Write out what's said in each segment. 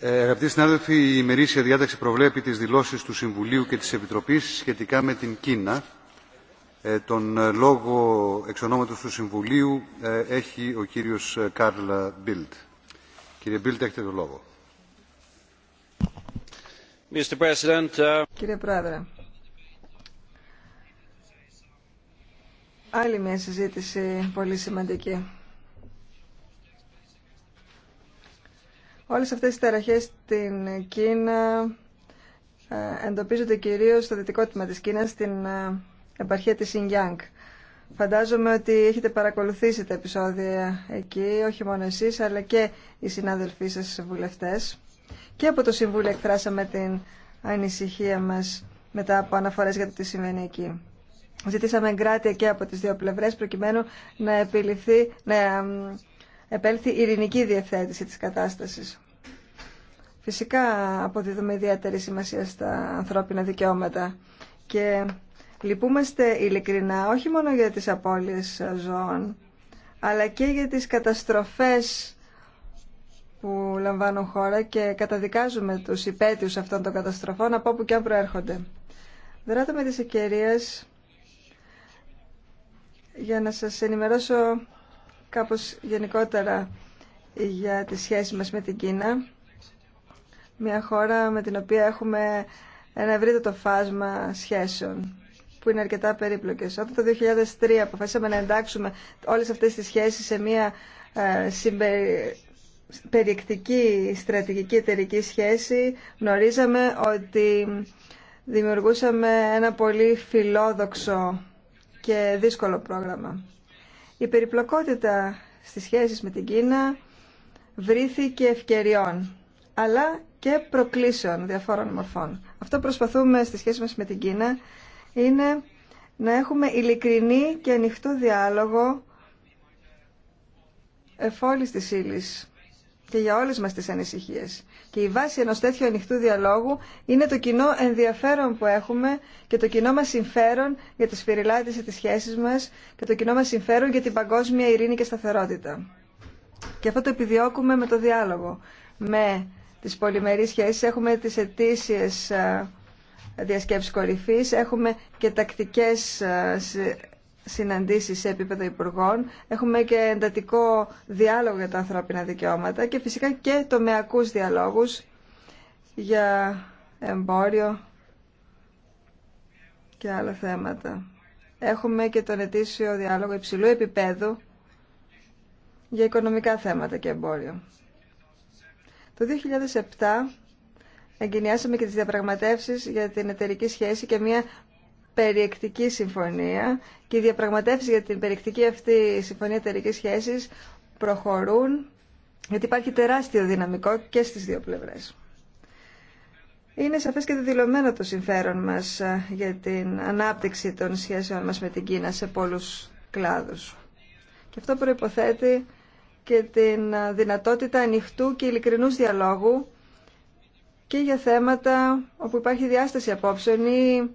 Ε, αγαπητοί συνάδελφοι, η ημερήσια διάταξη προβλέπει τις δηλώσεις του Συμβουλίου και της Επιτροπής σχετικά με την Κίνα. Ε, τον ε, λόγο εξ του Συμβουλίου έχει ο κύριος Κάρλ Μπίλτ. Κύριε Μπίλτ, έχετε το λόγο. Κύριε Πρόεδρε, άλλη μια συζήτηση πολύ σημαντική Όλες αυτές οι ταραχές στην Κίνα ε, εντοπίζονται κυρίως στο δυτικό τμήμα της Κίνας, στην ε, επαρχία της Σινγκιάνγκ. Φαντάζομαι ότι έχετε παρακολουθήσει τα επεισόδια εκεί, όχι μόνο εσείς, αλλά και οι συνάδελφοί σας βουλευτές. Και από το Συμβούλιο εκφράσαμε την ανησυχία μας μετά από αναφορές για το τι συμβαίνει εκεί. Ζητήσαμε εγκράτεια και από τις δύο πλευρές προκειμένου να επιληθεί να επέλθει ειρηνική διευθέτηση της κατάστασης. Φυσικά αποδίδουμε ιδιαίτερη σημασία στα ανθρώπινα δικαιώματα και λυπούμαστε ειλικρινά όχι μόνο για τις απώλειες ζώων αλλά και για τις καταστροφές που λαμβάνουν χώρα και καταδικάζουμε τους υπέτειους αυτών των καταστροφών από όπου και αν προέρχονται. Δράτω με τις ευκαιρίες για να σας ενημερώσω κάπως γενικότερα για τη σχέση μας με την Κίνα. Μια χώρα με την οποία έχουμε ένα ευρύτερο φάσμα σχέσεων που είναι αρκετά περίπλοκες. Όταν το 2003 αποφασίσαμε να εντάξουμε όλες αυτές τις σχέσεις σε μια ε, περιεκτική στρατηγική εταιρική σχέση, γνωρίζαμε ότι δημιουργούσαμε ένα πολύ φιλόδοξο και δύσκολο πρόγραμμα. Η περιπλοκότητα στις σχέσεις με την Κίνα βρήθηκε ευκαιριών, αλλά και προκλήσεων διαφόρων μορφών. Αυτό προσπαθούμε στις σχέσεις μας με την Κίνα είναι να έχουμε ειλικρινή και ανοιχτό διάλογο εφόλης της ύλης και για όλες μας τις ανησυχίες. Και η βάση ενός τέτοιου ανοιχτού διαλόγου είναι το κοινό ενδιαφέρον που έχουμε και το κοινό μας συμφέρον για τη σφυριλάτηση της σχέσης μας και το κοινό μας συμφέρον για την παγκόσμια ειρήνη και σταθερότητα. Και αυτό το επιδιώκουμε με το διάλογο. Με τις πολυμερείς σχέσεις έχουμε τις αιτήσιες ε, διασκέψεις κορυφής, έχουμε και τακτικές ε, συναντήσεις σε επίπεδο υπουργών, έχουμε και εντατικό διάλογο για τα ανθρώπινα δικαιώματα και φυσικά και τομεακού διαλόγου για εμπόριο και άλλα θέματα. Έχουμε και τον ετήσιο διάλογο υψηλού επίπεδου για οικονομικά θέματα και εμπόριο. Το 2007 εγκαινιάσαμε και τις διαπραγματεύσεις για την εταιρική σχέση και μια περιεκτική συμφωνία και οι διαπραγματεύσεις για την περιεκτική αυτή συμφωνία εταιρικής σχέσης προχωρούν γιατί υπάρχει τεράστιο δυναμικό και στις δύο πλευρές. Είναι σαφές και δηλωμένο το συμφέρον μας ε, για την ανάπτυξη των σχέσεων μας με την Κίνα σε πολλούς κλάδους. Και αυτό προϋποθέτει και την ε, δυνατότητα ανοιχτού και ειλικρινού διαλόγου και για θέματα όπου υπάρχει διάσταση απόψεων ή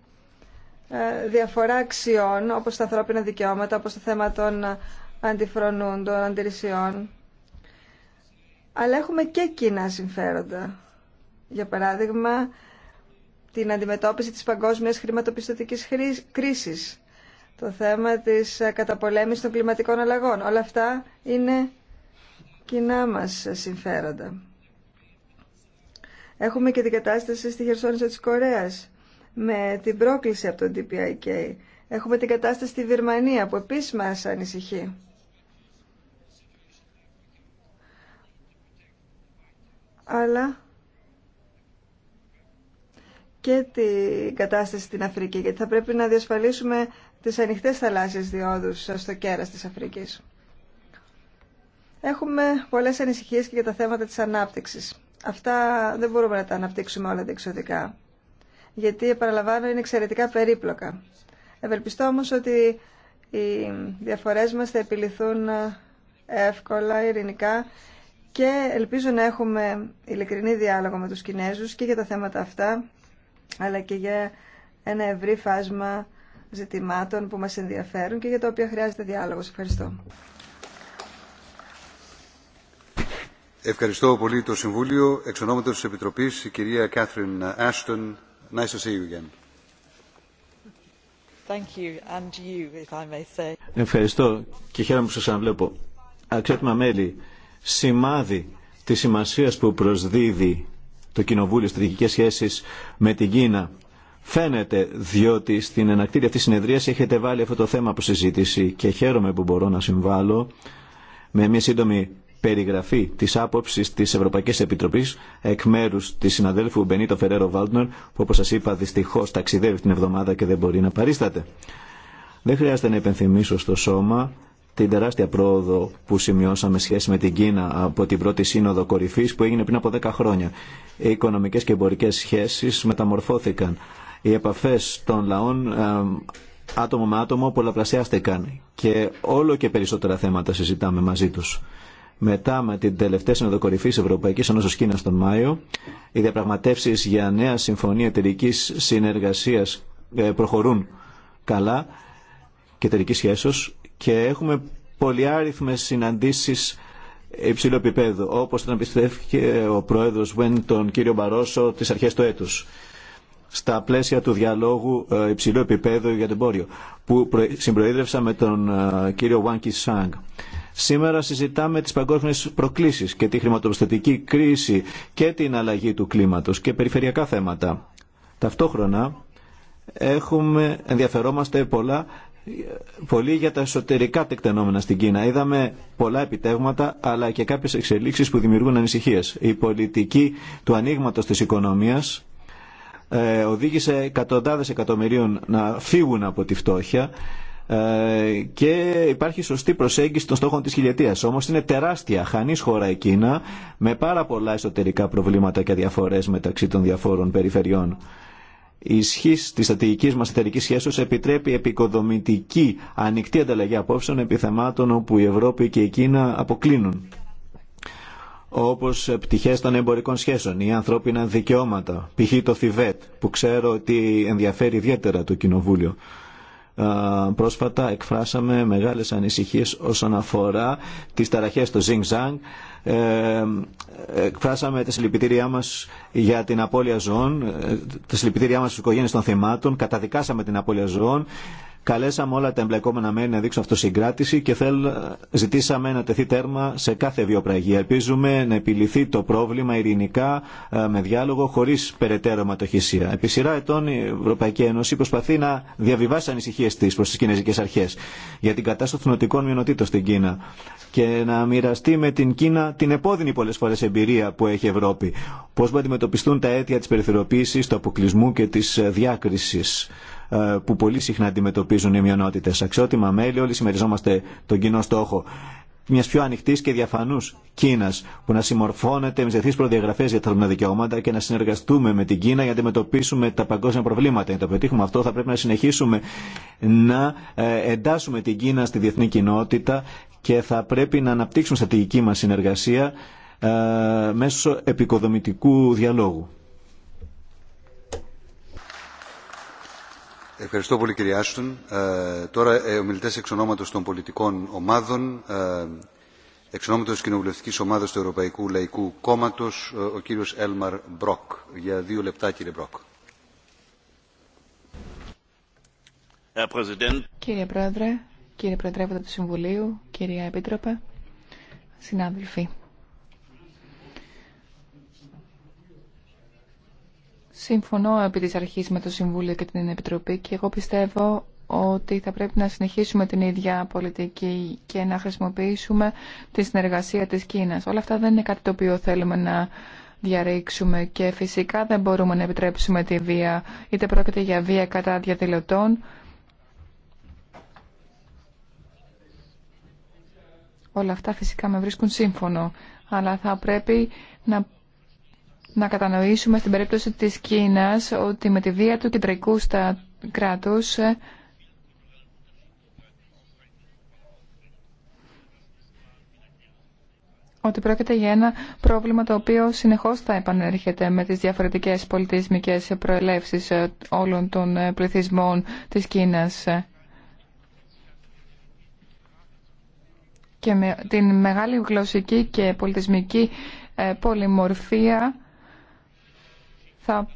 ε, διαφορά αξιών όπως τα ανθρώπινα δικαιώματα, όπως το θέμα των αντιφρονούντων, των αντιρρησιών. Αλλά έχουμε και κοινά συμφέροντα. Για παράδειγμα, την αντιμετώπιση της παγκόσμιας χρηματοπιστωτικής κρίσης, το θέμα της ε, καταπολέμησης των κλιματικών αλλαγών. Όλα αυτά είναι κοινά μας ε, συμφέροντα. Έχουμε και την κατάσταση στη χερσόνησο της Κορέας με την πρόκληση από τον DPIK. Έχουμε την κατάσταση στη Βυρμανία που επίσης μας ανησυχεί. Αλλά και την κατάσταση στην Αφρική, γιατί θα πρέπει να διασφαλίσουμε τις ανοιχτές θαλάσσιες διόδους στο κέρας της Αφρικής. Έχουμε πολλές ανησυχίες και για τα θέματα της ανάπτυξης. Αυτά δεν μπορούμε να τα αναπτύξουμε όλα διεξοδικά γιατί, επαναλαμβάνω, είναι εξαιρετικά περίπλοκα. Ευελπιστώ όμως ότι οι διαφορές μας θα επιληθούν ε, εύκολα, ειρηνικά και ελπίζω να έχουμε ειλικρινή διάλογο με τους Κινέζους και για τα θέματα αυτά, αλλά και για ένα ευρύ φάσμα ζητημάτων που μας ενδιαφέρουν και για τα οποία χρειάζεται διάλογος. Ευχαριστώ. Ευχαριστώ πολύ το Συμβούλιο. Εξ ονόματος της Επιτροπής, η κυρία Κάθριν Άστον, Ευχαριστώ και χαίρομαι που σας αναβλέπω. Αξιότιμα μέλη, σημάδι της σημασίας που προσδίδει το Κοινοβούλιο Στρατηγικές Σχέσεις με την Κίνα Φαίνεται, διότι στην ενακτήρια αυτή συνεδρία έχετε βάλει αυτό το θέμα από συζήτηση και χαίρομαι που μπορώ να συμβάλλω με μια σύντομη περιγραφή τη άποψη τη Ευρωπαϊκή Επιτροπή εκ μέρου τη συναδέλφου Μπενίτο Φερέρο Βάλτνερ που όπω σα είπα δυστυχώ ταξιδεύει την εβδομάδα και δεν μπορεί να παρίσταται. Δεν χρειάζεται να υπενθυμίσω στο σώμα την τεράστια πρόοδο που σημειώσαμε σχέση με την Κίνα από την πρώτη σύνοδο κορυφή που έγινε πριν από 10 χρόνια. Οι οικονομικέ και εμπορικέ σχέσει μεταμορφώθηκαν. Οι επαφέ των λαών άτομο με άτομο πολλαπλασιάστηκαν και όλο και περισσότερα θέματα συζητάμε μαζί τους. Μετά με την τελευταία συνοδοκορυφή Ευρωπαϊκή Ένωση Κίνα τον Μάιο, οι διαπραγματεύσει για νέα συμφωνία εταιρική συνεργασία ε, προχωρούν καλά και εταιρική σχέσεω και έχουμε πολυάριθμες συναντήσεις υψηλό επίπεδο, Όπω τον επιστρέφηκε ο πρόεδρο Βεν τον κύριο Μπαρόσο τι αρχέ του έτου, στα πλαίσια του διαλόγου ε, υψηλού επιπέδου για το εμπόριο που συμπροείδρευσα με τον ε, κύριο Βαν Σήμερα συζητάμε τις παγκόσμιες προκλήσεις και τη χρηματοπιστωτική κρίση και την αλλαγή του κλίματος και περιφερειακά θέματα. Ταυτόχρονα έχουμε, ενδιαφερόμαστε πολλά πολύ για τα εσωτερικά τεκτενόμενα στην Κίνα. Είδαμε πολλά επιτέγματα αλλά και κάποιες εξελίξεις που δημιουργούν ανησυχίες. Η πολιτική του ανοίγματο της οικονομίας ε, οδήγησε εκατοντάδες εκατομμυρίων να φύγουν από τη φτώχεια ε, και υπάρχει σωστή προσέγγιση των στόχων της χιλιετίας. Όμως είναι τεράστια, χανής χώρα η Κίνα, με πάρα πολλά εσωτερικά προβλήματα και διαφορές μεταξύ των διαφόρων περιφερειών. Η ισχύ τη στρατηγική μα εταιρική σχέση επιτρέπει επικοδομητική ανοιχτή ανταλλαγή απόψεων επιθεμάτων όπου η Ευρώπη και η Κίνα αποκλίνουν. Όπω πτυχέ των εμπορικών σχέσεων ή ανθρώπινα δικαιώματα, π.χ. το Θιβέτ, που ξέρω ότι ενδιαφέρει ιδιαίτερα το Κοινοβούλιο πρόσφατα εκφράσαμε μεγάλες ανησυχίες όσον αφορά τις ταραχές του Ζινγκ Ζανγκ. εκφράσαμε τη συλληπιτήριά μας για την απώλεια ζώων, ε, τη συλληπιτήριά μας στις οικογένειες των θυμάτων, καταδικάσαμε την απώλεια ζώων Καλέσαμε όλα τα εμπλεκόμενα μέρη να δείξουν αυτοσυγκράτηση και θέλ, ζητήσαμε να τεθεί τέρμα σε κάθε βιοπραγία. Ελπίζουμε να επιληθεί το πρόβλημα ειρηνικά, ε, με διάλογο, χωρί περαιτέρω αιματοχυσία. Επί σειρά ετών η Ευρωπαϊκή Ένωση προσπαθεί να διαβιβάσει ανησυχίε τη προ τι κινέζικε αρχέ για την κατάσταση των νοτικών μειονοτήτων στην Κίνα και να μοιραστεί με την Κίνα την επώδυνη πολλέ φορέ εμπειρία που έχει η Ευρώπη. Πώ να αντιμετωπιστούν τα αίτια τη περιθωριοποίηση, του αποκλεισμού και τη ε, διάκριση ε, που πολύ συχνά αντιμετωπίζουν οι μειονότητε. Αξιότιμα μέλη, όλοι συμμεριζόμαστε τον κοινό στόχο μια πιο ανοιχτή και διαφανού Κίνα, που να συμμορφώνεται με ζεθεί προδιαγραφέ για τα ανθρώπινα δικαιώματα και να συνεργαστούμε με την Κίνα για να αντιμετωπίσουμε τα παγκόσμια προβλήματα. Για να το πετύχουμε αυτό, θα πρέπει να συνεχίσουμε να ε, εντάσσουμε την Κίνα στη διεθνή κοινότητα και θα πρέπει να αναπτύξουμε στρατηγική μα συνεργασία ε, μέσω επικοδομητικού διαλόγου. Ευχαριστώ πολύ κύριε Άστον. Ε, τώρα ε, μιλητές εξ ονόματος των πολιτικών ομάδων, ε, εξ ονόματος Κοινοβουλευτικής Ομάδας του Ευρωπαϊκού Λαϊκού Κόμματος, ε, ο κύριος Έλμαρ Μπροκ. Για δύο λεπτά κύριε Μπροκ. Κύριε Πρόεδρε, κύριε Προεδρεύοντα του Συμβουλίου, κυρία Επίτροπε, συνάδελφοι. Συμφωνώ επί της αρχής με το Συμβούλιο και την Επιτροπή και εγώ πιστεύω ότι θα πρέπει να συνεχίσουμε την ίδια πολιτική και να χρησιμοποιήσουμε τη συνεργασία της Κίνας. Όλα αυτά δεν είναι κάτι το οποίο θέλουμε να διαρρήξουμε και φυσικά δεν μπορούμε να επιτρέψουμε τη βία, είτε πρόκειται για βία κατά διαδηλωτών. Όλα αυτά φυσικά με βρίσκουν σύμφωνο, αλλά θα πρέπει να να κατανοήσουμε στην περίπτωση της Κίνας ότι με τη βία του κεντρικού στα κράτους ε, ότι πρόκειται για ένα πρόβλημα το οποίο συνεχώς θα επανέρχεται με τις διαφορετικές πολιτισμικές προελεύσεις ε, όλων των ε, πληθυσμών της Κίνας. Και με την μεγάλη γλωσσική και πολιτισμική πολυμορφία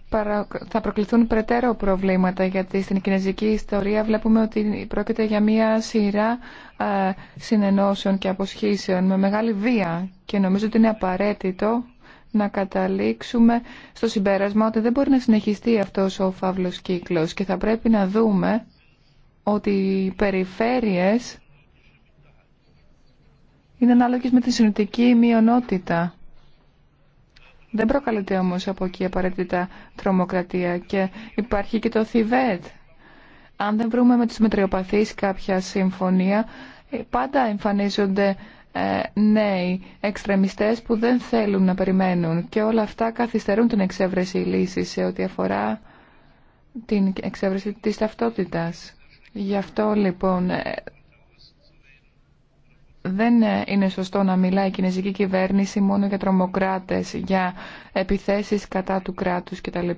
θα, προκληθούν περαιτέρω προβλήματα γιατί στην κινέζικη ιστορία βλέπουμε ότι πρόκειται για μια σειρά ε, συνενώσεων και αποσχήσεων με μεγάλη βία και νομίζω ότι είναι απαραίτητο να καταλήξουμε στο συμπέρασμα ότι δεν μπορεί να συνεχιστεί αυτός ο φαύλος κύκλος και θα πρέπει να δούμε ότι οι περιφέρειες είναι ανάλογες με τη συνοτική μειονότητα δεν προκαλείται όμως από εκεί απαραίτητα τρομοκρατία και υπάρχει και το Θιβέτ. Αν δεν βρούμε με τους μετριοπαθείς κάποια συμφωνία, ε, πάντα εμφανίζονται ε, νέοι εξτρεμιστές που δεν θέλουν να περιμένουν και όλα αυτά καθυστερούν την εξέβρεση λύση σε ό,τι αφορά την εξέβρεση της ταυτότητας. Γι' αυτό λοιπόν ε, δεν είναι σωστό να μιλάει η κινέζικη κυβέρνηση μόνο για τρομοκράτες, για επιθέσεις κατά του κράτους κτλ.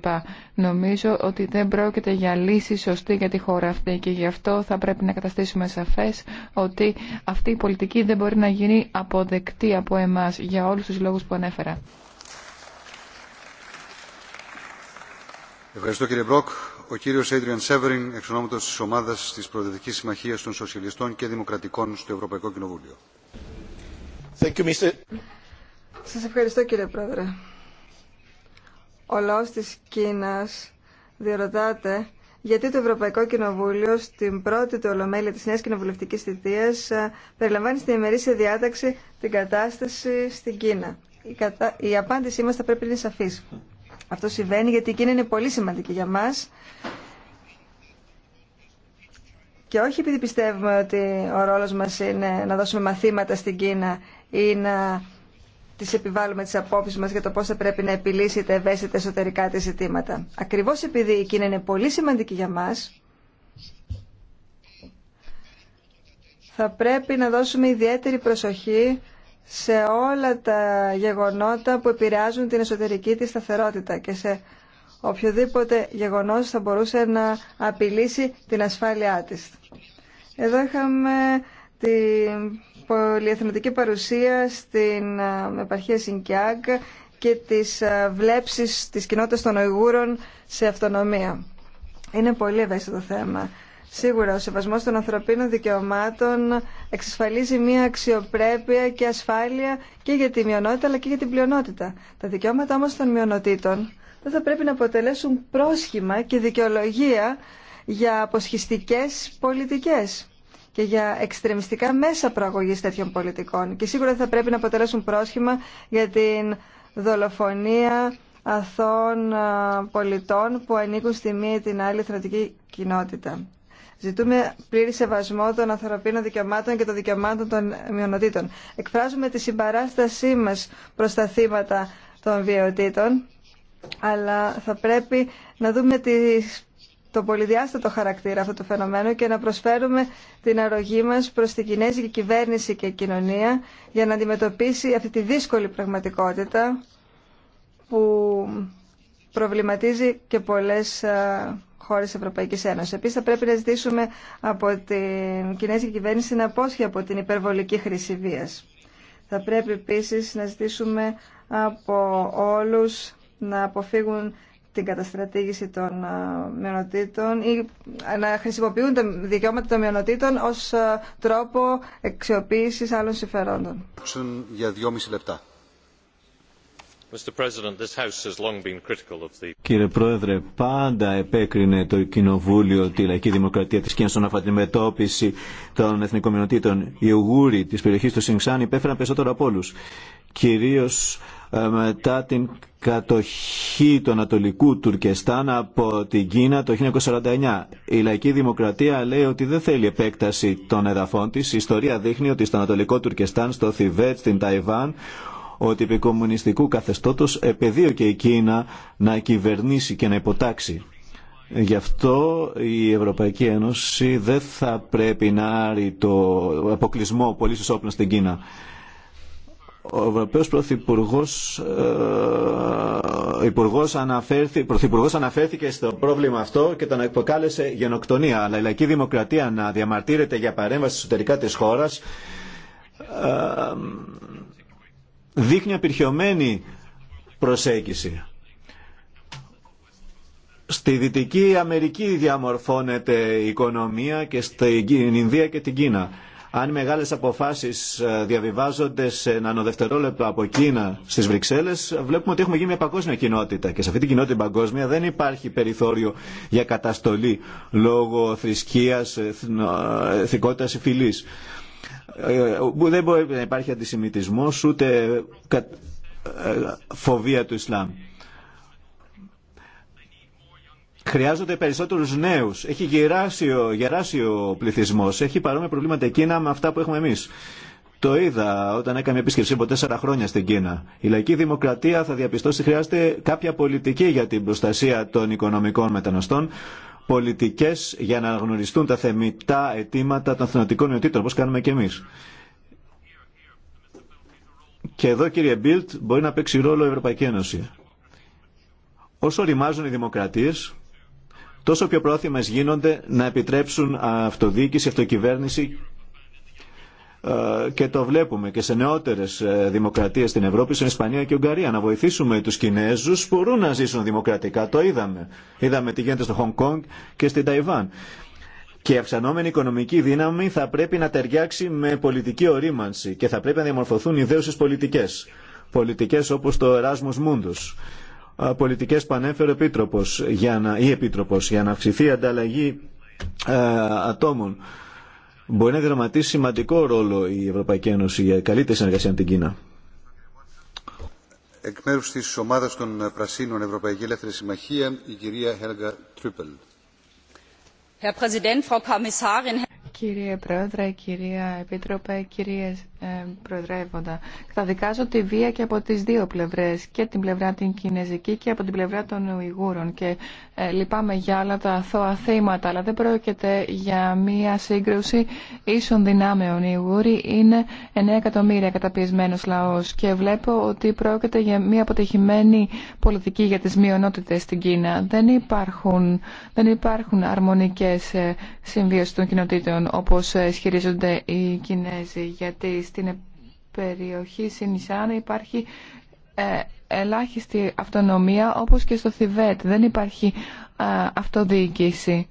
Νομίζω ότι δεν πρόκειται για λύση σωστή για τη χώρα αυτή και γι' αυτό θα πρέπει να καταστήσουμε σαφές ότι αυτή η πολιτική δεν μπορεί να γίνει αποδεκτή από εμάς για όλους τους λόγους που ανέφερα. Ευχαριστώ κύριε Μπρόκ ο κύριος Adrian Σέβεριν, εξ ονόματος της ομάδας της Προοδευτικής Συμμαχίας των Σοσιαλιστών και Δημοκρατικών στο Ευρωπαϊκό Κοινοβούλιο. Thank you, Mr. Σας ευχαριστώ κύριε Πρόεδρε. Ο λαός της Κίνας διερωτάται γιατί το Ευρωπαϊκό Κοινοβούλιο στην πρώτη του ολομέλεια της νέας κοινοβουλευτικής θητείας ε, περιλαμβάνει στην ημερήσια διάταξη την κατάσταση στην Κίνα. Η, η απάντησή μας θα πρέπει να είναι σαφής. Αυτό συμβαίνει γιατί η Κίνα είναι πολύ σημαντική για μας και όχι επειδή πιστεύουμε ότι ο ρόλος μας είναι να δώσουμε μαθήματα στην Κίνα ή να τη επιβάλλουμε τι απόψει μα για το πώ θα πρέπει να επιλύσει τα ευαίσθητα εσωτερικά τη ζητήματα. Ακριβώ επειδή η Κίνα είναι πολύ σημαντική για μα, θα πρέπει να δώσουμε ιδιαίτερη προσοχή σε όλα τα γεγονότα που επηρεάζουν την εσωτερική της σταθερότητα και σε οποιοδήποτε γεγονός θα μπορούσε να απειλήσει την ασφάλειά της. Εδώ είχαμε την πολυεθνωτική παρουσία στην ε, επαρχία ΣΥΝΚΙΑΚ και τις ε, βλέψεις της κοινότητας των Ουγγούρων σε αυτονομία. Είναι πολύ ευαίσθητο θέμα. Σίγουρα, ο σεβασμό των ανθρωπίνων δικαιωμάτων εξασφαλίζει μια αξιοπρέπεια και ασφάλεια και για τη μειονότητα αλλά και για την πλειονότητα. Τα δικαιώματα όμω των μειονοτήτων δεν θα πρέπει να αποτελέσουν πρόσχημα και δικαιολογία για αποσχιστικέ πολιτικέ και για εξτρεμιστικά μέσα προαγωγής τέτοιων πολιτικών. Και σίγουρα θα πρέπει να αποτελέσουν πρόσχημα για την δολοφονία αθών πολιτών που ανήκουν στη μία ή την άλλη θρατική κοινότητα. Ζητούμε πλήρη σεβασμό των ανθρωπίνων δικαιωμάτων και των δικαιωμάτων των μειονοτήτων. Εκφράζουμε τη συμπαράστασή μας προς τα θύματα των βιαιοτήτων, αλλά θα πρέπει να δούμε τις το πολυδιάστατο χαρακτήρα αυτού του φαινομένου και να προσφέρουμε την αρρωγή μας προς την κινέζικη κυβέρνηση και κοινωνία για να αντιμετωπίσει αυτή τη δύσκολη πραγματικότητα που προβληματίζει και πολλές ε, χώρες Ευρωπαϊκής Ένωσης. Επίσης θα πρέπει να ζητήσουμε από την Κινέζικη κυβέρνηση να απόσχει από την υπερβολική χρήση βίας. Θα πρέπει επίσης να ζητήσουμε από όλους να αποφύγουν την καταστρατήγηση των ε, μειονοτήτων ή ε, να χρησιμοποιούν τα δικαιώματα των μειονοτήτων ως τρόπο εξιοποίησης άλλων συμφερόντων. Για δυόμιση λεπτά. Κύριε Πρόεδρε, πάντα επέκρινε το Κοινοβούλιο τη Λαϊκή Δημοκρατία της Κίνας στον αφαντιμετώπιση των εθνικών Οι ουγούροι της περιοχής του Σινξάν υπέφεραν περισσότερο από όλους. Κυρίως ε, μετά την κατοχή του Ανατολικού Τουρκεστάν από την Κίνα το 1949. Η λαϊκή δημοκρατία λέει ότι δεν θέλει επέκταση των εδαφών της. Η ιστορία δείχνει ότι στο Ανατολικό Τουρκεστάν, στο Θιβέτ, στην Ταϊβάν, ότι επί κομμουνιστικού καθεστώτος επεδίωκε η Κίνα να κυβερνήσει και να υποτάξει. Γι' αυτό η Ευρωπαϊκή Ένωση δεν θα πρέπει να άρει το αποκλεισμό πολύ όπλων στην Κίνα. Ο Ευρωπαίος Πρωθυπουργός, ε, υπουργός αναφέρθη, Πρωθυπουργός αναφέρθηκε στο πρόβλημα αυτό και τον αποκάλεσε γενοκτονία. Αλλά η λαϊκή δημοκρατία να διαμαρτύρεται για παρέμβαση εσωτερικά της χώρας ε, δείχνει απειρχιωμένη προσέγγιση. Στη Δυτική Αμερική διαμορφώνεται η οικονομία και στην Ινδία και την Κίνα. Αν μεγάλες αποφάσεις ε, διαβιβάζονται σε νανοδευτερόλεπτα από Κίνα στις Βρυξέλλες, βλέπουμε ότι έχουμε γίνει μια παγκόσμια κοινότητα. Και σε αυτή την κοινότητα παγκόσμια δεν υπάρχει περιθώριο για καταστολή λόγω θρησκείας, εθνικότητας ή φυλής. Ε, ε, ε, δεν μπορεί να υπάρχει αντισημιτισμός ούτε φοβία του Ισλάμ. Χρειάζονται περισσότερους νέου. Έχει γεράσει ο πληθυσμό. Έχει παρόμοια προβλήματα Κίνα με αυτά που έχουμε εμείς. Το είδα όταν έκανα επίσκεψη από τέσσερα χρόνια στην Κίνα. Η λαϊκή δημοκρατία θα διαπιστώσει χρειάζεται κάποια πολιτική για την προστασία των οικονομικών μεταναστών πολιτικές για να αναγνωριστούν τα θεμητά αιτήματα των θενοτικών νεοτήτων, όπως κάνουμε και εμείς. Και εδώ, κύριε Μπίλτ, μπορεί να παίξει ρόλο η Ευρωπαϊκή Ένωση. Όσο ρημάζουν οι δημοκρατίες, τόσο πιο πρόθυμες γίνονται να επιτρέψουν αυτοδιοίκηση, αυτοκυβέρνηση ε, και το βλέπουμε και σε νεότερες ε, δημοκρατίες στην Ευρώπη, στην Ισπανία και Ουγγαρία, να βοηθήσουμε τους Κινέζους που μπορούν να ζήσουν δημοκρατικά. Το είδαμε. Είδαμε τι γίνεται στο Χονγκ Κόνγκ και στην Ταϊβάν. Και η αυξανόμενη οικονομική δύναμη θα πρέπει να ταιριάξει με πολιτική ορίμανση και θα πρέπει να διαμορφωθούν ιδέωσες πολιτικές. Πολιτικές όπως το Erasmus Mundus. Ε, πολιτικές που ανέφερε για ή επίτροπος για να αυξηθεί η ανταλλαγή ατόμων μπορεί να δραματίσει σημαντικό ρόλο η Ευρωπαϊκή Ένωση για καλύτερη συνεργασία με την Κίνα. Εκ μέρου τη ομάδα των Πρασίνων Ευρωπαϊκή Ελεύθερη Συμμαχία, η κυρία Χέλγα Τρίπελ. Κύριε Πρόεδρε, κυρία Επίτροπε, κυρίες ε, προεδρεύοντα. Καταδικάζω τη βία και από τις δύο πλευρές, και την πλευρά την Κινέζικη και από την πλευρά των Ουιγούρων. Και ε, λυπάμαι για άλλα τα αθώα θύματα, αλλά δεν πρόκειται για μία σύγκρουση ίσων δυνάμεων. Οι Ουιγούροι είναι 9 εκατομμύρια καταπιεσμένος λαός και βλέπω ότι πρόκειται για μία αποτυχημένη πολιτική για τις μειονότητες στην Κίνα. Δεν υπάρχουν, δεν υπάρχουν αρμονικές ε, συμβίωσεις των κοινοτήτων όπως ε, ισχυρίζονται οι Κινέζοι γιατί στην περιοχή Σινισάν υπάρχει ε, ελάχιστη αυτονομία όπως και στο Θιβέτ. Δεν υπάρχει ε, αυτοδιοίκηση.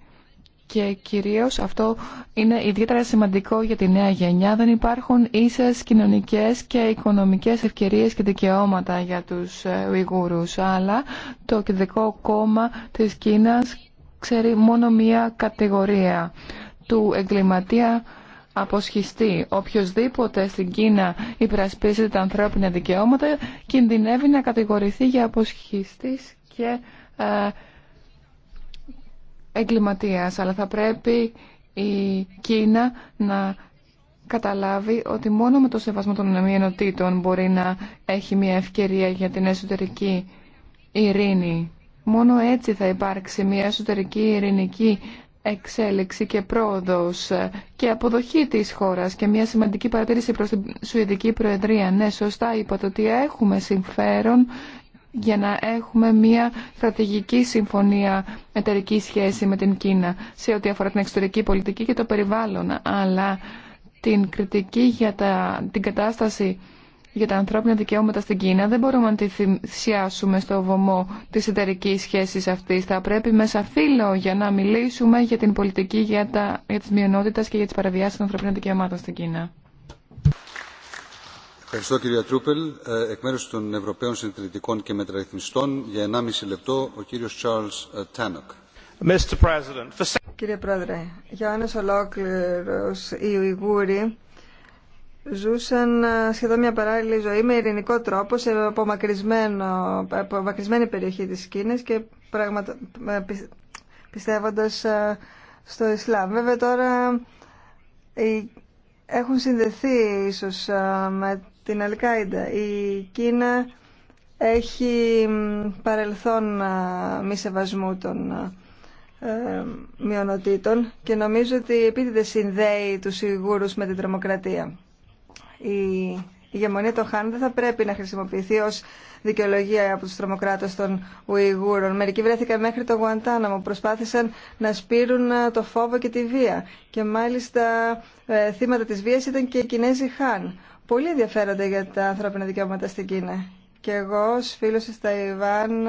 Και κυρίως αυτό είναι ιδιαίτερα σημαντικό για τη νέα γενιά. Δεν υπάρχουν ίσες κοινωνικές και οικονομικές ευκαιρίες και δικαιώματα για τους ε, Ουιγούρους. Αλλά το Κεντρικό Κόμμα της Κίνας ξέρει μόνο μία κατηγορία του εγκληματία αποσχιστεί. Οποιοςδήποτε στην Κίνα υπερασπίζεται τα ανθρώπινα δικαιώματα κινδυνεύει να κατηγορηθεί για αποσχιστής και ε, εγκληματίας. Αλλά θα πρέπει η Κίνα να καταλάβει ότι μόνο με το σεβασμό των ενωτήτων μπορεί να έχει μια ευκαιρία για την εσωτερική ειρήνη. Μόνο έτσι θα υπάρξει μια εσωτερική ειρηνική εξέλιξη και πρόοδος και αποδοχή της χώρας και μια σημαντική παρατήρηση προς την Σουηδική Προεδρία. Ναι, σωστά είπατε ότι έχουμε συμφέρον για να έχουμε μια στρατηγική συμφωνία εταιρική σχέση με την Κίνα σε ό,τι αφορά την εξωτερική πολιτική και το περιβάλλον, αλλά την κριτική για την κατάσταση για τα ανθρώπινα δικαιώματα στην Κίνα δεν μπορούμε να τη θυσιάσουμε στο βωμό της εταιρική σχέσης αυτής. Θα πρέπει με σαφή για να μιλήσουμε για την πολιτική για, τα, για τις μειονότητες και για τις παραβιάσεις των ανθρωπίνων δικαιωμάτων στην Κίνα. Ευχαριστώ κυρία Τρούπελ. Ε, εκ μέρους των Ευρωπαίων Συντηρητικών και Μεταρρυθμιστών για 1,5 λεπτό ο κύριος Charles Τάνοκ. Ε, Κύριε Πρόεδρε, για ένας ολόκληρος οι Ουιγούροι ζούσαν ε, σχεδόν μια παράλληλη ζωή με ειρηνικό τρόπο σε απομακρυσμένη περιοχή της Κίνας και πραγματα... Ε, πιστεύοντας ε, στο Ισλάμ. Βέβαια τώρα έχουν συνδεθεί ίσως με την Αλκάιντα. Η Κίνα έχει παρελθόν μη σεβασμού των μειονοτήτων και νομίζω ότι επίτηδες συνδέει τους Ιγούρους με την τρομοκρατία η ηγεμονία των Χάν δεν θα πρέπει να χρησιμοποιηθεί ως δικαιολογία από τους τρομοκράτες των Ουιγούρων. Μερικοί βρέθηκαν μέχρι το Γουαντάναμο, προσπάθησαν να σπείρουν το φόβο και τη βία. Και μάλιστα ε, θύματα της βίας ήταν και οι Κινέζοι Χάν. Πολύ ενδιαφέρονται για τα ανθρώπινα δικαιώματα στην Κίνα. Και εγώ ως φίλος της Ταϊβάν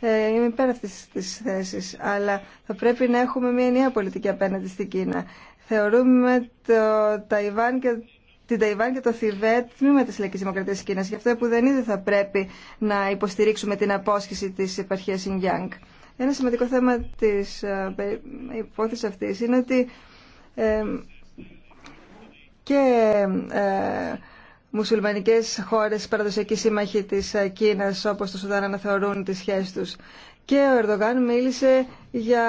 ε, είμαι υπέρ αυτής της θέσης. Αλλά θα πρέπει να έχουμε μια νέα πολιτική απέναντι στην Κίνα. Θεωρούμε το Ταϊβάν και την Ταϊβάν και το Θιβέτ τμήμα τη Λαϊκή Δημοκρατία τη Κίνα. Γι' αυτό που δεν είδε θα πρέπει να υποστηρίξουμε την απόσχηση τη επαρχία Ινγκιάνγκ. Ένα σημαντικό θέμα τη ε, υπόθεση αυτή είναι ότι ε, και ε, μουσουλμανικές χώρε παραδοσιακοί σύμμαχοι τη ε, Κίνα όπω το Σουδάν αναθεωρούν τι σχέσει του. Και ο Ερντογάν μίλησε για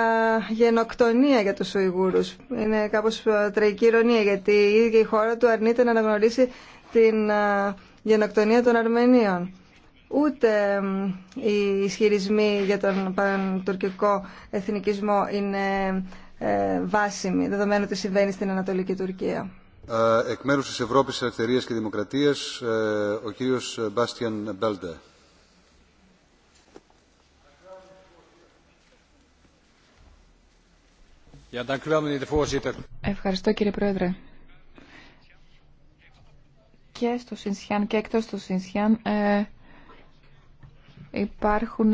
γενοκτονία για τους Ουιγούρους. Είναι κάπω ε, τραγική ηρωνία γιατί η ίδια η χώρα του αρνείται να αναγνωρίσει την ε, γενοκτονία των Αρμενίων. Ούτε οι ισχυρισμοί για τον παντουρκικό εθνικισμό είναι βάσιμοι, δεδομένου ότι συμβαίνει στην Ανατολική Τουρκία. Ε, εκ μέρους της Ευρώπης Ελευθερίας και Δημοκρατίας, ε, ο κύριος Μπάστιαν Μπέλντε. Ευχαριστώ κύριε Πρόεδρε. Και στο Σινσιάν και εκτός του Σινσιάν ε, υπάρχουν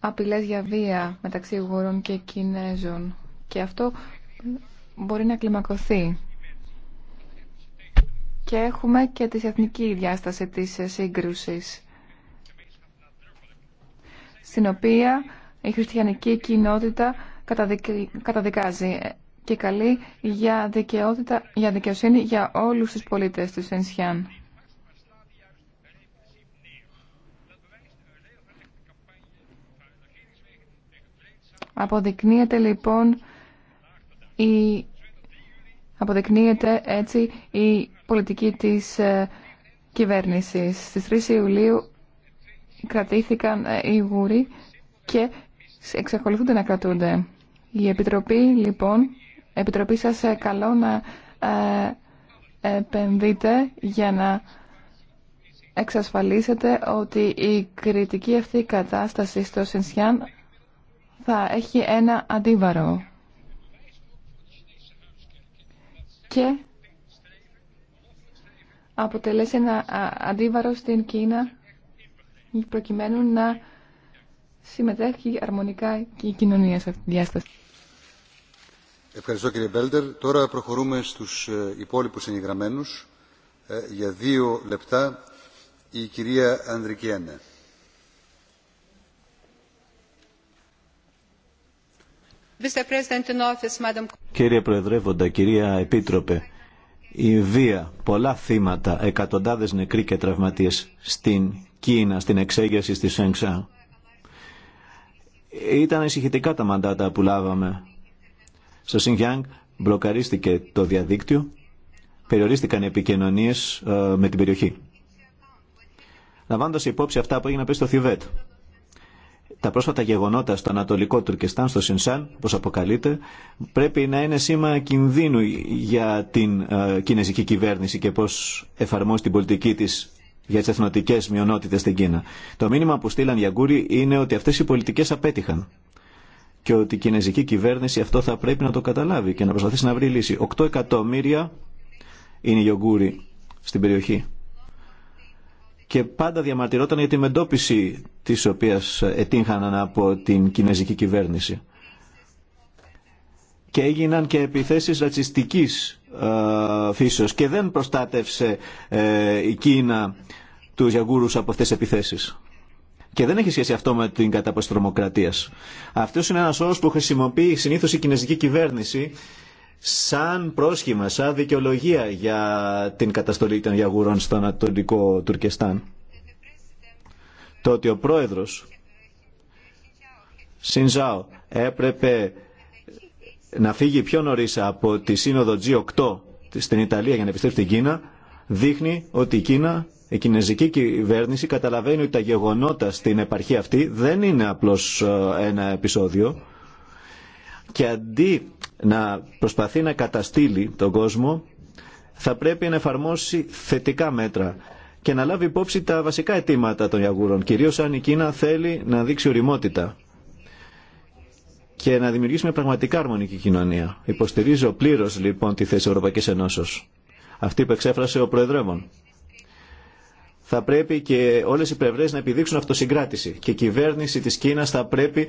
απειλές για βία μεταξύ Ουγγόρων και Κινέζων. Και αυτό μπορεί να κλιμακωθεί. Και έχουμε και τη εθνική διάσταση της σύγκρουσης, στην οποία η χριστιανική κοινότητα καταδικάζει και καλεί για, δικαιότητα, για δικαιοσύνη για όλους τους πολίτες του Σενσιάν. Αποδεικνύεται λοιπόν η... αποδεικνύεται έτσι η πολιτική της ε, κυβέρνησης. Στις 3 Ιουλίου κρατήθηκαν ε, οι Γούροι και εξακολουθούνται να κρατούνται. Η Επιτροπή, λοιπόν, Επιτροπή σας ε, καλό να επενδύτε για να εξασφαλίσετε ότι η κριτική αυτή κατάσταση στο Σινσιάν θα έχει ένα αντίβαρο. και αποτελέσει ένα αντίβαρο στην Κίνα προκειμένου να συμμετέχει αρμονικά και η κοινωνία σε αυτή τη διάσταση. Ευχαριστώ κύριε Μπέλτερ. Τώρα προχωρούμε στους ε, υπόλοιπους εγγεγραμμένους. Ε, για δύο λεπτά η κυρία Ανδρικιένα. Κύριε Προεδρεύοντα, κυρία Επίτροπε, η βία, πολλά θύματα, εκατοντάδες νεκροί και τραυματίες στην Κίνα, στην εξέγερση στη Σενξά. Ήταν ησυχητικά τα μαντάτα που λάβαμε. Στο Σινγκιάνγκ μπλοκαρίστηκε το διαδίκτυο, περιορίστηκαν οι επικοινωνίες ε, με την περιοχή. Λαμβάνοντας υπόψη αυτά που έγιναν πριν στο Θιβέτ, τα πρόσφατα γεγονότα στο Ανατολικό Τουρκεστάν, στο Σινσάν, όπω αποκαλείται, πρέπει να είναι σήμα κινδύνου για την ε, κινέζικη κυβέρνηση και πώ εφαρμόζει την πολιτική τη για τι εθνοτικέ μειονότητε στην Κίνα. Το μήνυμα που στείλαν οι Αγκούροι είναι ότι αυτέ οι πολιτικέ απέτυχαν και ότι η κινέζικη κυβέρνηση αυτό θα πρέπει να το καταλάβει και να προσπαθήσει να βρει λύση. 8 εκατομμύρια είναι οι Αγκούροι στην περιοχή και πάντα διαμαρτυρόταν για την εντόπιση της οποίας ετύχαναν από την κινέζικη κυβέρνηση. Και έγιναν και επιθέσεις ρατσιστικής ε, φύσεως και δεν προστάτευσε ε, η Κίνα τους γιαγούρους από αυτές τις επιθέσεις. Και δεν έχει σχέση αυτό με την κατάποση τρομοκρατίας. Αυτός είναι ένας όρος που χρησιμοποιεί συνήθως η κινέζικη κυβέρνηση σαν πρόσχημα, σαν δικαιολογία για την καταστολή των γιαγουρών στο Ανατολικό Τουρκεστάν. Το ότι ο πρόεδρος Σινζάο έπρεπε να φύγει πιο νωρίς από τη σύνοδο G8 στην Ιταλία για να επιστρέψει στην Κίνα, δείχνει ότι η Κίνα, η κινέζικη κυβέρνηση καταλαβαίνει ότι τα γεγονότα στην επαρχία αυτή δεν είναι απλώς ε, ένα επεισόδιο και αντί να προσπαθεί να καταστήλει τον κόσμο, θα πρέπει να εφαρμόσει θετικά μέτρα και να λάβει υπόψη τα βασικά αιτήματα των Ιαγούρων, κυρίως αν η Κίνα θέλει να δείξει οριμότητα και να δημιουργήσει μια πραγματικά αρμονική κοινωνία. Υποστηρίζω πλήρω λοιπόν τη θέση Ευρωπαϊκή Ενώσεω. Αυτή που εξέφρασε ο Προεδρεύων. Θα πρέπει και όλε οι πλευρέ να επιδείξουν αυτοσυγκράτηση και η κυβέρνηση τη Κίνα θα πρέπει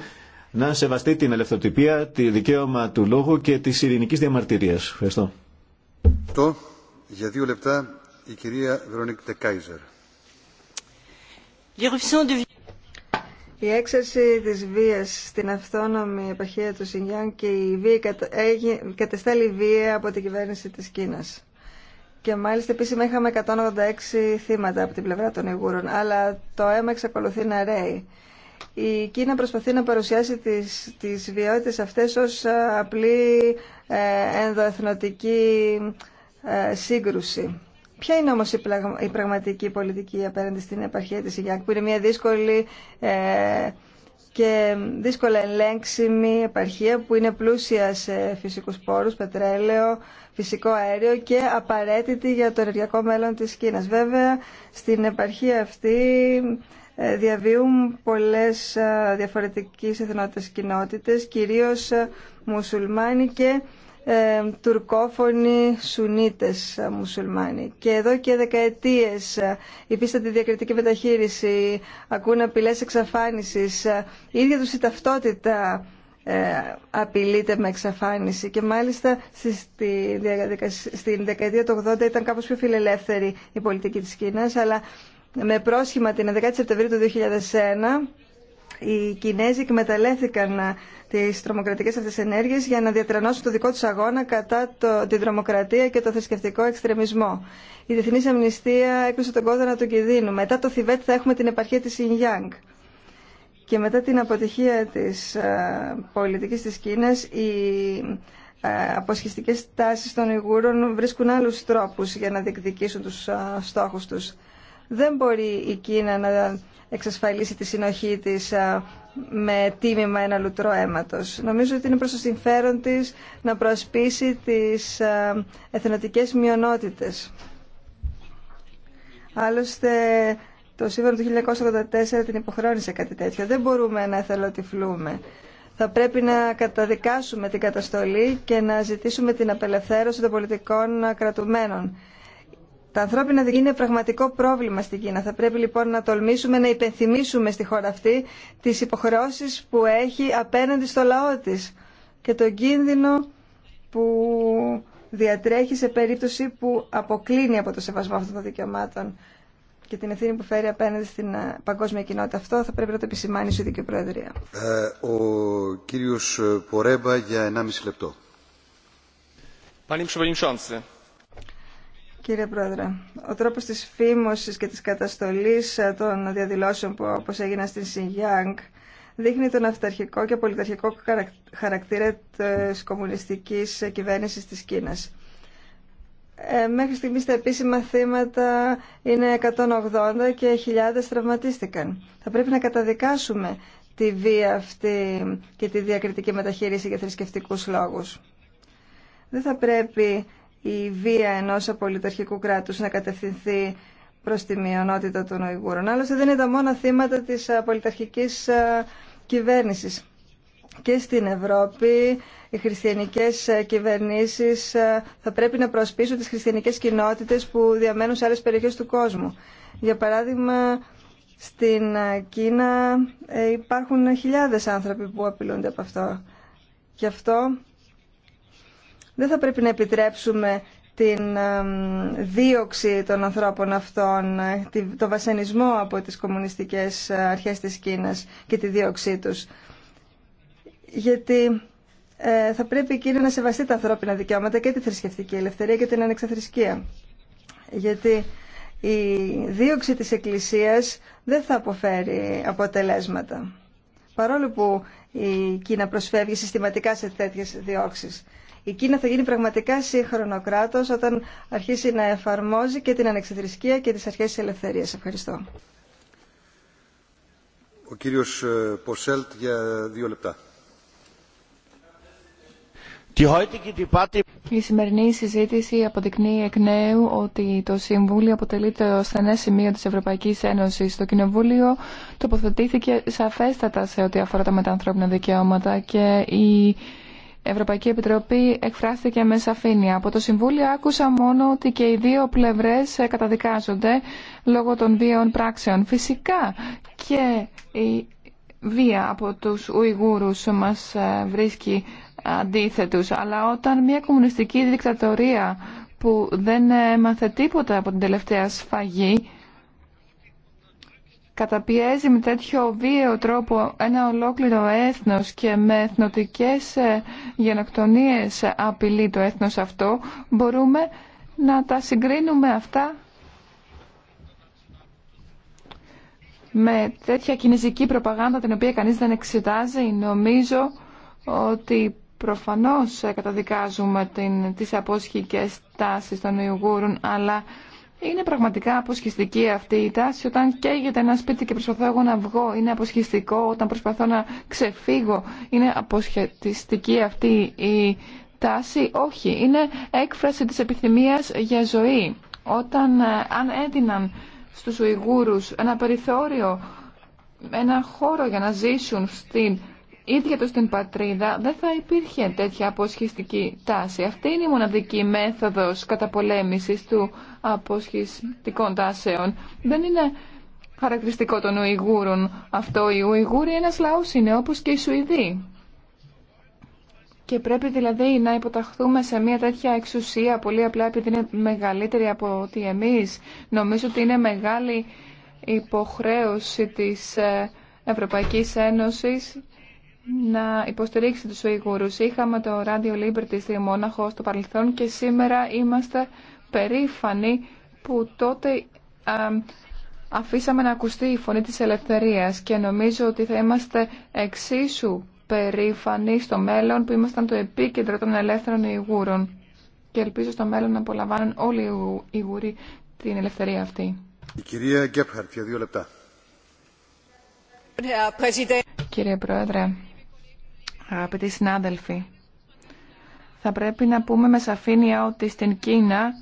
να σεβαστεί την ελευθεροτυπία, τη δικαίωμα του λόγου και τη ειρηνική διαμαρτυρία. Ευχαριστώ. Το, για δύο λεπτά, η κυρία Βερονίκ Τεκάιζερ. Η έξαρση της βίας στην αυτόνομη επαρχία του Σινγκιάν και η βία κατεστάλλει βία από την κυβέρνηση της Κίνας. Και μάλιστα επίσημα είχαμε 186 θύματα από την πλευρά των Ιγούρων, αλλά το αίμα εξακολουθεί να ρέει η Κίνα προσπαθεί να παρουσιάσει τις, τις βιότητες αυτές ως ε, απλή ε, ενδοεθνοτική ε, σύγκρουση. Ποια είναι όμως η, πραγματική πολιτική απέναντι στην επαρχία της ΙΓΙΑΚ που είναι μια δύσκολη και δύσκολα ελέγξιμη επαρχία που είναι πλούσια σε φυσικούς πόρους, πετρέλαιο, φυσικό αέριο και απαραίτητη για το ενεργειακό μέλλον της Κίνας. Βέβαια, στην επαρχία αυτή ε, διαβιούν πολλές ε, διαφορετικές εθνότητες κοινότητες, κυρίως ε, μουσουλμάνοι και τουρκόφωνοι σουνίτες μουσουλμάνοι. Και εδώ και δεκαετίες τη διακριτική μεταχείριση, ακούν απειλές εξαφάνισης, η ίδια τους η ταυτότητα απειλείται με εξαφάνιση και μάλιστα στη, στην δεκαετία του 80 ήταν κάπως πιο φιλελεύθερη η πολιτική της Κίνας αλλά με πρόσχημα την 11η Σεπτεμβρίου του 2001 οι Κινέζοι εκμεταλλεύτηκαν ε, τι τρομοκρατικέ αυτέ ενέργειε για να διατρανώσουν το δικό του αγώνα κατά το, την τρομοκρατία και το θρησκευτικό εξτρεμισμό. Η Διεθνή Αμνηστία έκλεισε τον κόδωνα του κινδύνου. Μετά το Θιβέτ θα έχουμε την επαρχία τη Ινγιάνγκ. Και μετά την αποτυχία της ε, πολιτικής της Κίνας, οι ε, αποσχιστικές τάσεις των Ιγούρων βρίσκουν άλλους τρόπους για να διεκδικήσουν τους στόχου του. Δεν μπορεί η Κίνα να εξασφαλίσει τη συνοχή της με τίμημα ένα λουτρό αίματος. Νομίζω ότι είναι προς το συμφέρον της να προσπίσει τις εθνοτικές μειονότητες. Άλλωστε, το σύμφωνο του 1984 την υποχρώνησε κάτι τέτοιο. Δεν μπορούμε να εθελοτυφλούμε. Θα πρέπει να καταδικάσουμε την καταστολή και να ζητήσουμε την απελευθέρωση των πολιτικών κρατουμένων τα ανθρώπινα δικαιώματα είναι πραγματικό πρόβλημα στην Κίνα. Θα πρέπει λοιπόν να τολμήσουμε να υπενθυμίσουμε στη χώρα αυτή τις υποχρεώσεις που έχει απέναντι στο λαό της και τον κίνδυνο που διατρέχει σε περίπτωση που αποκλίνει από το σεβασμό αυτών των δικαιωμάτων και την ευθύνη που φέρει απέναντι στην ε, παγκόσμια κοινότητα. Αυτό θα πρέπει να το επισημάνει η Σουηδική Προεδρία. Ε, ο κύριος Πορέμπα για 1,5 λεπτό. Κύριε Πρόεδρε, ο τρόπος της φήμωσης και της καταστολής ε, των διαδηλώσεων που όπως έγιναν στην Σιγιάνγκ δείχνει τον αυταρχικό και πολιταρχικό χαρακτήρα της κομμουνιστικής κυβέρνησης της Κίνας. Ε, μέχρι στιγμής τα επίσημα θύματα είναι 180 και χιλιάδες τραυματίστηκαν. Θα πρέπει να καταδικάσουμε τη βία αυτή και τη διακριτική μεταχείριση για θρησκευτικού λόγους. Δεν θα πρέπει η βία ενός απολυταρχικού κράτους να κατευθυνθεί προς τη μειονότητα των Ουγγούρων. Άλλωστε δεν ήταν μόνο θύματα της απολυταρχική ε, κυβέρνησης. Και στην Ευρώπη οι χριστιανικές ε, κυβερνήσεις ε, θα πρέπει να προσπίσουν τις χριστιανικές κοινότητες που διαμένουν σε άλλες περιοχές του κόσμου. Για παράδειγμα, στην Κίνα υπάρχουν χιλιάδες άνθρωποι που απειλούνται από αυτό. Γι' αυτό δεν θα πρέπει να επιτρέψουμε την δίωξη των ανθρώπων αυτών, ε, το βασανισμό από τις κομμουνιστικές ε, αρχές της Κίνας και τη δίωξή τους. Γιατί ε, θα πρέπει η Κίνα να σεβαστεί τα ανθρώπινα δικαιώματα και τη θρησκευτική ελευθερία και την ανεξαθρησκεία. Γιατί η δίωξη της Εκκλησίας δεν θα αποφέρει αποτελέσματα. Παρόλο που η Κίνα προσφεύγει συστηματικά σε τέτοιες διώξεις η Κίνα θα γίνει πραγματικά σύγχρονο κράτο όταν αρχίσει να εφαρμόζει και την ανεξιθρησκεία και τι αρχέ τη ελευθερία. Ευχαριστώ. Ο κύριος ε, Ποσέλτ για δύο λεπτά. Η σημερινή συζήτηση αποδεικνύει εκ νέου ότι το Συμβούλιο αποτελεί το στενέ σημείο της Ευρωπαϊκής Ένωσης. Το Κοινοβούλιο τοποθετήθηκε σαφέστατα σε ό,τι αφορά τα μετανθρώπινα δικαιώματα και η Ευρωπαϊκή Επιτροπή εκφράστηκε με σαφήνεια. Από το Συμβούλιο άκουσα μόνο ότι και οι δύο πλευρές ε, καταδικάζονται λόγω των βίαιων πράξεων. Φυσικά και η βία από τους Ουιγούρους μας ε, βρίσκει αντίθετους. Αλλά όταν μια κομμουνιστική δικτατορία που δεν έμαθε τίποτα από την τελευταία σφαγή καταπιέζει με τέτοιο βίαιο τρόπο ένα ολόκληρο έθνος και με εθνοτικές ε, γενοκτονίες απειλεί το έθνος αυτό, μπορούμε να τα συγκρίνουμε αυτά με τέτοια κινηζική προπαγάνδα την οποία κανείς δεν εξετάζει. Νομίζω ότι προφανώς καταδικάζουμε την, τις απόσχικες τάσεις των Ιουγούρων, αλλά είναι πραγματικά αποσχιστική αυτή η τάση όταν καίγεται ένα σπίτι και προσπαθώ εγώ να βγω. Είναι αποσχιστικό όταν προσπαθώ να ξεφύγω. Είναι αποσχετιστική αυτή η τάση. Όχι, είναι έκφραση της επιθυμίας για ζωή. Όταν, ε, αν έδιναν στους Ουιγούρους ένα περιθώριο, ένα χώρο για να ζήσουν στην ίδια του στην πατρίδα δεν θα υπήρχε τέτοια αποσχιστική τάση. Αυτή είναι η μοναδική μέθοδος καταπολέμησης του αποσχιστικών τάσεων. Δεν είναι χαρακτηριστικό των Ουιγούρων αυτό. Οι Ουιγούροι ένας λαός είναι όπως και οι Σουηδοί. Και πρέπει δηλαδή να υποταχθούμε σε μια τέτοια εξουσία πολύ απλά επειδή είναι μεγαλύτερη από ότι εμείς. Νομίζω ότι είναι μεγάλη υποχρέωση της ε, Ευρωπαϊκής Ένωσης να υποστηρίξει τους Ιγούρους. Είχαμε το Radio Liberty στη Μόναχο στο παρελθόν και σήμερα είμαστε περήφανοι που τότε αφήσαμε να ακουστεί η φωνή της ελευθερίας και νομίζω ότι θα είμαστε εξίσου περήφανοι στο μέλλον που ήμασταν το επίκεντρο των ελεύθερων Ιγούρων και ελπίζω στο μέλλον να απολαμβάνουν όλοι οι Ιγούροι την ελευθερία αυτή. Η κυρία Γκέπχαρτ για δύο λεπτά. Κύριε Πρόεδρε, Αγαπητοί συνάδελφοι, θα πρέπει να πούμε με σαφήνεια ότι στην Κίνα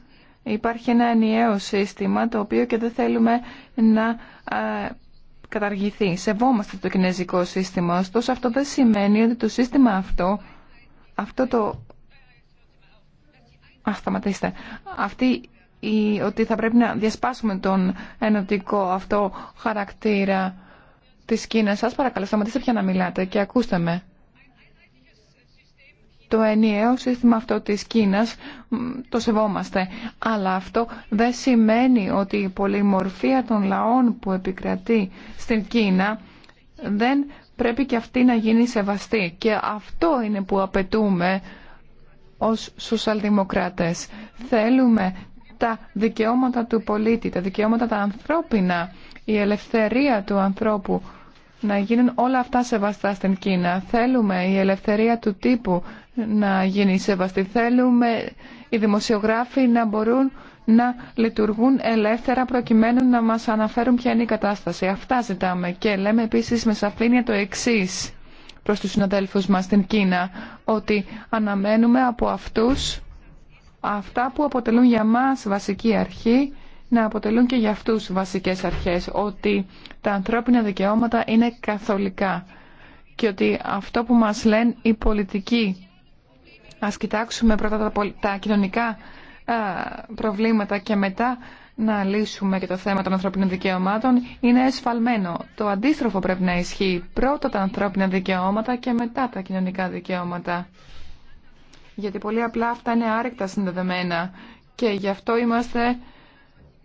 υπάρχει ένα ενιαίο σύστημα το οποίο και δεν θέλουμε να ε, καταργηθεί. Σεβόμαστε το κινέζικο σύστημα. Ωστόσο αυτό δεν σημαίνει ότι το σύστημα αυτό, αυτό το... Α, Αυτή η... ότι θα πρέπει να διασπάσουμε τον ενωτικό αυτό χαρακτήρα της Κίνας. Σας παρακαλώ, σταματήστε πια να μιλάτε και ακούστε με το ενιαίο σύστημα αυτό της Κίνας το σεβόμαστε. Αλλά αυτό δεν σημαίνει ότι η πολυμορφία των λαών που επικρατεί στην Κίνα δεν πρέπει και αυτή να γίνει σεβαστή. Και αυτό είναι που απαιτούμε ως σοσιαλδημοκράτες. Θέλουμε τα δικαιώματα του πολίτη, τα δικαιώματα τα ανθρώπινα, η ελευθερία του ανθρώπου να γίνουν όλα αυτά σεβαστά στην Κίνα. Θέλουμε η ελευθερία του τύπου να γίνει σεβαστή. Θέλουμε οι δημοσιογράφοι να μπορούν να λειτουργούν ελεύθερα προκειμένου να μας αναφέρουν ποια είναι η κατάσταση. Αυτά ζητάμε και λέμε επίσης με σαφήνεια το εξής προς τους συναδέλφους μας στην Κίνα ότι αναμένουμε από αυτούς αυτά που αποτελούν για μας βασική αρχή να αποτελούν και για αυτούς βασικές αρχές ότι τα ανθρώπινα δικαιώματα είναι καθολικά και ότι αυτό που μας λένε οι πολιτικοί ας κοιτάξουμε πρώτα τα, κοινωνικά προβλήματα και μετά να λύσουμε και το θέμα των ανθρώπινων δικαιωμάτων είναι εσφαλμένο. Το αντίστροφο πρέπει να ισχύει πρώτα τα ανθρώπινα δικαιώματα και μετά τα κοινωνικά δικαιώματα. Γιατί πολύ απλά αυτά είναι άρρηκτα συνδεδεμένα και γι' αυτό είμαστε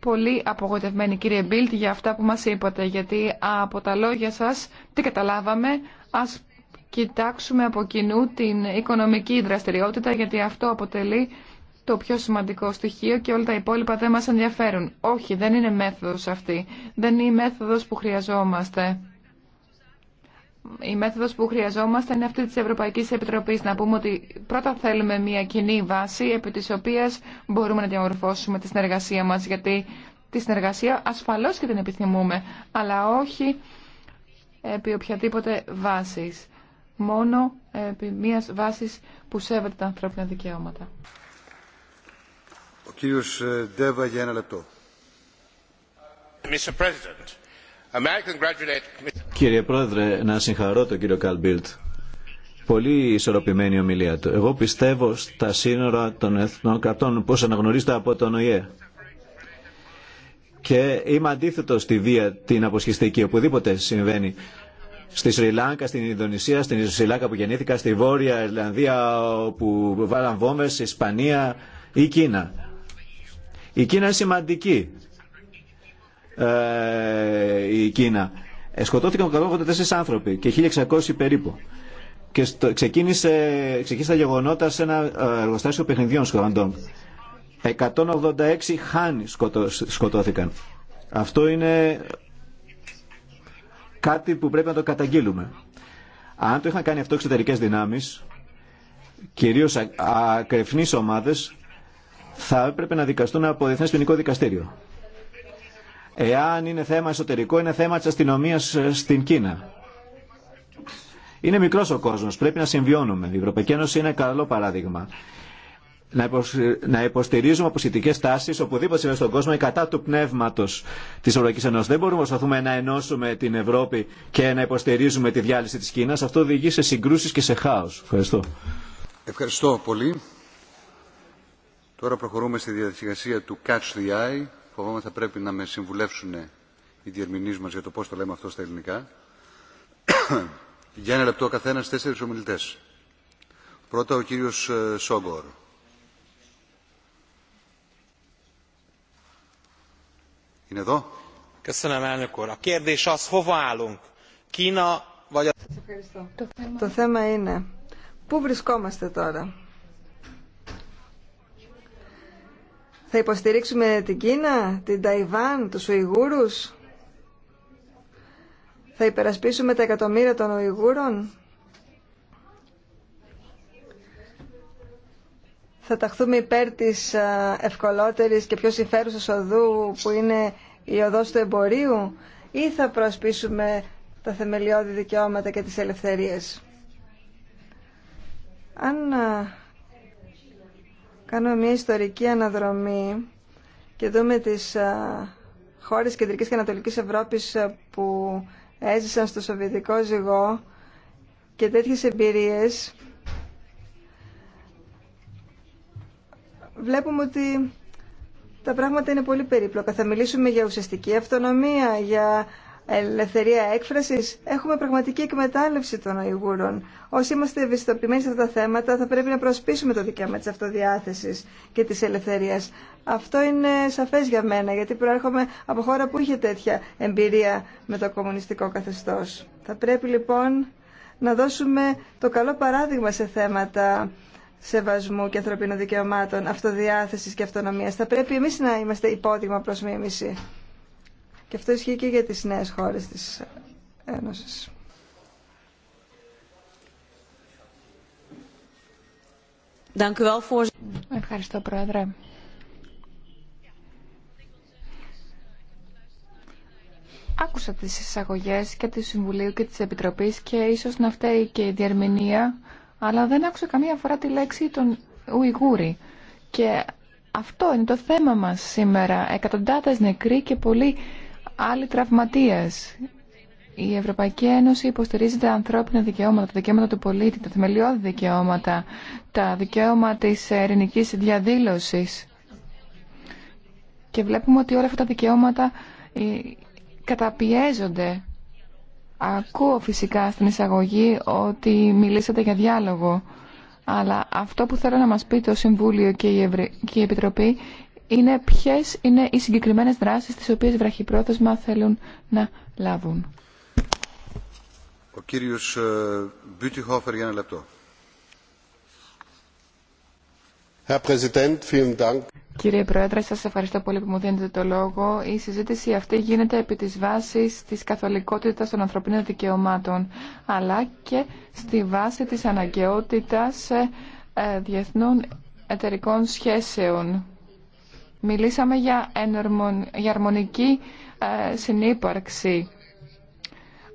πολύ απογοητευμένη, κύριε Μπίλτ για αυτά που μας είπατε γιατί από τα λόγια σας τι καταλάβαμε ας κοιτάξουμε από κοινού την οικονομική δραστηριότητα γιατί αυτό αποτελεί το πιο σημαντικό στοιχείο και όλα τα υπόλοιπα δεν μας ενδιαφέρουν. Όχι, δεν είναι μέθοδος αυτή. Δεν είναι η μέθοδος που χρειαζόμαστε η μέθοδος που χρειαζόμαστε είναι αυτή της Ευρωπαϊκής Επιτροπής. Να πούμε ότι πρώτα θέλουμε μια κοινή βάση επί της οποίας μπορούμε να διαμορφώσουμε τη συνεργασία μας γιατί τη συνεργασία ασφαλώς και την επιθυμούμε αλλά όχι επί οποιαδήποτε βάσης. Μόνο επί μιας βάσης που σέβεται τα ανθρώπινα δικαιώματα. Ο κύριος ε, Ντέβα για ένα λεπτό. Mr. President. Κύριε Πρόεδρε, να συγχαρώ τον κύριο Καλμπίλτ. Πολύ ισορροπημένη ομιλία του. Εγώ πιστεύω στα σύνορα των εθνών κρατών, πώς αναγνωρίζεται από τον ΟΗΕ. Και είμαι αντίθετο στη βία την αποσχιστική, οπουδήποτε συμβαίνει. Στη Σρι Λάγκα, στην Ινδονησία, στην Σρι που γεννήθηκα, στη Βόρεια Ιρλανδία όπου βάλαν βόμβες, Ισπανία ή Κίνα. Η Κίνα είναι σημαντική ε, η Κίνα. Ε, σκοτώθηκαν 184 άνθρωποι και 1600 περίπου. Και ξεκίνησε, ξεκίνησε τα γεγονότα σε ένα ε, εργοστάσιο παιχνιδιών σκοταντών. 186 χάνοι σκοτώθηκαν. Αυτό είναι κάτι που πρέπει να το καταγγείλουμε. Αν το είχαν κάνει αυτό εξωτερικέ δυνάμει, κυρίω ακρεφνεί ομάδε, θα έπρεπε να δικαστούν από Διεθνέ Ποινικό Δικαστήριο. Εάν είναι θέμα εσωτερικό, είναι θέμα της αστυνομίας ε, στην Κίνα. Είναι μικρός ο κόσμος, πρέπει να συμβιώνουμε. Η Ευρωπαϊκή Ένωση είναι ένα καλό παράδειγμα. Να υποστηρίζουμε αποσχετικέ τάσει οπουδήποτε συμβαίνει στον κόσμο κατά του πνεύματο τη Ευρωπαϊκή Ένωση. Δεν μπορούμε να προσπαθούμε να ενώσουμε την Ευρώπη και να υποστηρίζουμε τη διάλυση τη Κίνα. Αυτό οδηγεί σε συγκρούσει και σε χάο. Ευχαριστώ. Ευχαριστώ πολύ. Τώρα προχωρούμε στη διαδικασία του Catch the Eye φοβάμαι θα πρέπει να με συμβουλεύσουν οι διερμηνείς μας για το πώς το λέμε αυτό στα ελληνικά. για ένα λεπτό καθένας τέσσερις ομιλητές. Πρώτα ο κύριος ε, Σόγκορ. Είναι εδώ. Το θέμα είναι πού βρισκόμαστε τώρα. Θα υποστηρίξουμε την Κίνα, την Ταϊβάν, τους Ουιγούρους. Θα υπερασπίσουμε τα εκατομμύρια των Ουιγούρων. Θα ταχθούμε υπέρ της ευκολότερης και πιο συμφέρουσας οδού που είναι η οδός του εμπορίου ή θα προσπίσουμε τα θεμελιώδη δικαιώματα και τις ελευθερίες. Αν κάνουμε μια ιστορική αναδρομή και δούμε τις χώρες Κεντρικής και Ανατολικής Ευρώπης που έζησαν στο Σοβιετικό ζυγό και τέτοιες εμπειρίες βλέπουμε ότι τα πράγματα είναι πολύ περίπλοκα. Θα μιλήσουμε για ουσιαστική αυτονομία, για ελευθερία έκφραση. Έχουμε πραγματική εκμετάλλευση των Ουγγούρων. Όσοι είμαστε ευαισθητοποιημένοι σε αυτά τα θέματα θα πρέπει να προσπίσουμε το δικαίωμα της αυτοδιάθεσης και της ελευθερίας. Αυτό είναι σαφές για μένα γιατί προέρχομαι από χώρα που είχε τέτοια εμπειρία με το κομμουνιστικό καθεστώς. Θα πρέπει λοιπόν να δώσουμε το καλό παράδειγμα σε θέματα σεβασμού και ανθρωπίνων δικαιωμάτων, αυτοδιάθεσης και αυτονομίας. Θα πρέπει εμείς να είμαστε υπόδειγμα προς μίμηση. Και αυτό ισχύει και για τις νέες χώρες της Ένωσης. Ευχαριστώ, Πρόεδρε. Άκουσα τις εισαγωγές και του Συμβουλίου και της Επιτροπής και ίσως να φταίει και η διερμηνία, αλλά δεν άκουσα καμία φορά τη λέξη των Ουιγούρι. Και αυτό είναι το θέμα μας σήμερα. Εκατοντάδες νεκροί και πολλοί άλλοι τραυματίες. Η Ευρωπαϊκή Ένωση υποστηρίζει τα ανθρώπινα δικαιώματα, τα δικαιώματα του πολίτη, τα θεμελιώδη δικαιώματα, τα δικαιώματα της ειρηνικής διαδήλωσης. Και βλέπουμε ότι όλα αυτά τα δικαιώματα ε, καταπιέζονται. Ακούω φυσικά στην εισαγωγή ότι μιλήσατε για διάλογο. Αλλά αυτό που θέλω να μας πει το Συμβούλιο και η, Επιτροπή είναι ποιε είναι οι συγκεκριμένε δράσει τι οποίε βραχυπρόθεσμα θέλουν να λάβουν. Ο ε, για ένα λεπτό. Κύριε Πρόεδρε, σας ευχαριστώ πολύ που μου δίνετε το λόγο. Η συζήτηση αυτή γίνεται επί της βάσης της καθολικότητας των ανθρωπίνων δικαιωμάτων, αλλά και στη βάση της αναγκαιότητας ε, ε, διεθνών εταιρικών σχέσεων Μιλήσαμε για, ενορμον, αρμονική ε, συνύπαρξη.